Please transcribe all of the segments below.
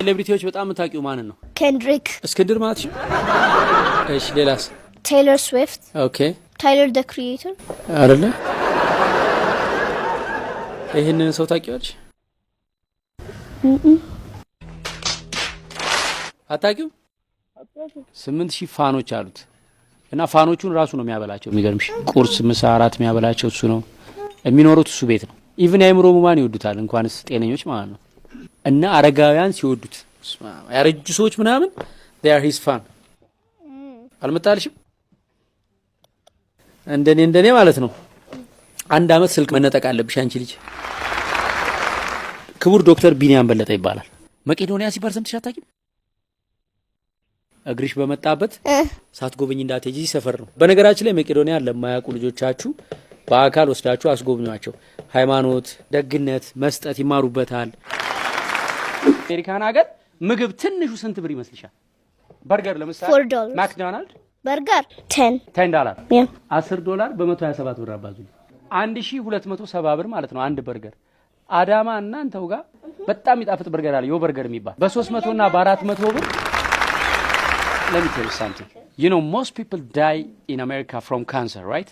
ሴሌብሪቲዎች በጣም የምታውቂው ማንን ነው? ኬንድሪክ፣ እስክንድር ማለት ነው። እሺ ሌላስ? ቴይለር ስዊፍት። ኦኬ ታይለር ደ ክሪኤተር አይደለ? ይህንን ሰው ታውቂዋለሽ? አታቂው ስምንት ሺህ ፋኖች አሉት እና ፋኖቹን ራሱ ነው የሚያበላቸው። የሚገርምሽ ቁርስ፣ ምሳ፣ አራት የሚያበላቸው እሱ ነው። የሚኖሩት እሱ ቤት ነው። ኢቭን አይምሮ ሙማን ይወዱታል፣ እንኳንስ ጤነኞች ማለት ነው። እና አረጋውያን ሲወዱት ያረጁ ሰዎች ምናምን ዚያር ሂስ ፋን አልመጣልሽም? እንደኔ እንደኔ ማለት ነው። አንድ አመት ስልክ መነጠቅ አለብሽ አንቺ ልጅ። ክቡር ዶክተር ቢኒያም በለጠ ይባላል። መቄዶንያ ሲባል ሰምተሽ አታውቂም? እግርሽ በመጣበት ሳትጎበኝ እንዳትሄጂ ሰፈር ነው። በነገራችን ላይ መቄዶንያ ለማያውቁ ልጆቻችሁ በአካል ወስዳችሁ አስጎብኟቸው። ሃይማኖት፣ ደግነት፣ መስጠት ይማሩበታል። አሜሪካን ሀገር ምግብ ትንሹ ስንት ብር ይመስልሻል? በርገር ለምሳሌ ማክዶናልድ በርገር 10 10 ዶላር 10 ዶላር በ127 ብር አባዙ 1270 ብር ማለት ነው አንድ በርገር። አዳማ እናንተው ጋር በጣም ይጣፍጥ በርገር አለ፣ ዮ በርገር የሚባል በ300 እና በ400 ብር ለሚቴል ሳምቲንግ ዩ ኖ ሞስት ፒፕል ዳይ ኢን አሜሪካ ፍሮም ካንሰር ራይት።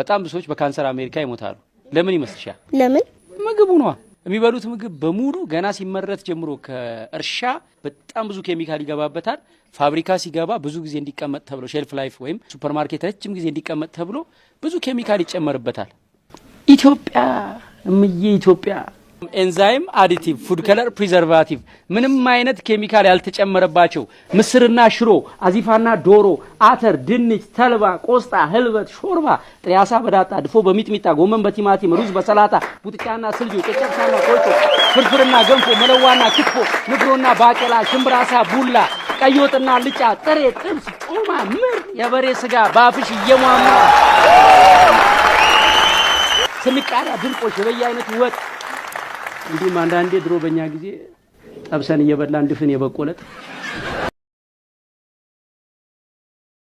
በጣም ብዙ ሰዎች በካንሰር አሜሪካ ይሞታሉ። ለምን ይመስልሻል? ለምን ምግቡ ነዋ። የሚበሉት ምግብ በሙሉ ገና ሲመረት ጀምሮ ከእርሻ በጣም ብዙ ኬሚካል ይገባበታል። ፋብሪካ ሲገባ ብዙ ጊዜ እንዲቀመጥ ተብሎ ሼልፍ ላይፍ ወይም ሱፐርማርኬት ረጅም ጊዜ እንዲቀመጥ ተብሎ ብዙ ኬሚካል ይጨመርበታል። ኢትዮጵያ እምዬ ኢትዮጵያ ኤንዛይም አዲቲቭ ፉድ ከለር ፕሪዘርቫቲቭ ምንም አይነት ኬሚካል ያልተጨመረባቸው ምስርና ሽሮ፣ አዚፋና ዶሮ፣ አተር፣ ድንች፣ ተልባ፣ ቆስጣ፣ ህልበት፣ ሾርባ፣ ጥሬ አሳ በዳጣ፣ ድፎ በሚጥሚጣ፣ ጎመን በቲማቲም፣ ሩዝ በሰላጣ፣ ቡጥጫና ስልጆ፣ ጨጨብሳና ቆጮ፣ ፍርፍርና ገንፎ፣ መለዋና ክትፎ፣ ንግሮና ባቄላ፣ ሽምብራሳ፣ ቡላ፣ ቀይ ወጥና ልጫ፣ ጥሬ ጥብስ፣ ጮማ፣ ምርጥ የበሬ ስጋ በአፍሽ እየሟማ ስንቃዳ፣ ድርቆሽ፣ የበየ ወጥ እንዲሁም አንዳንዴ ድሮ በእኛ ጊዜ ጠብሰን እየበላን ድፍን የበቆለት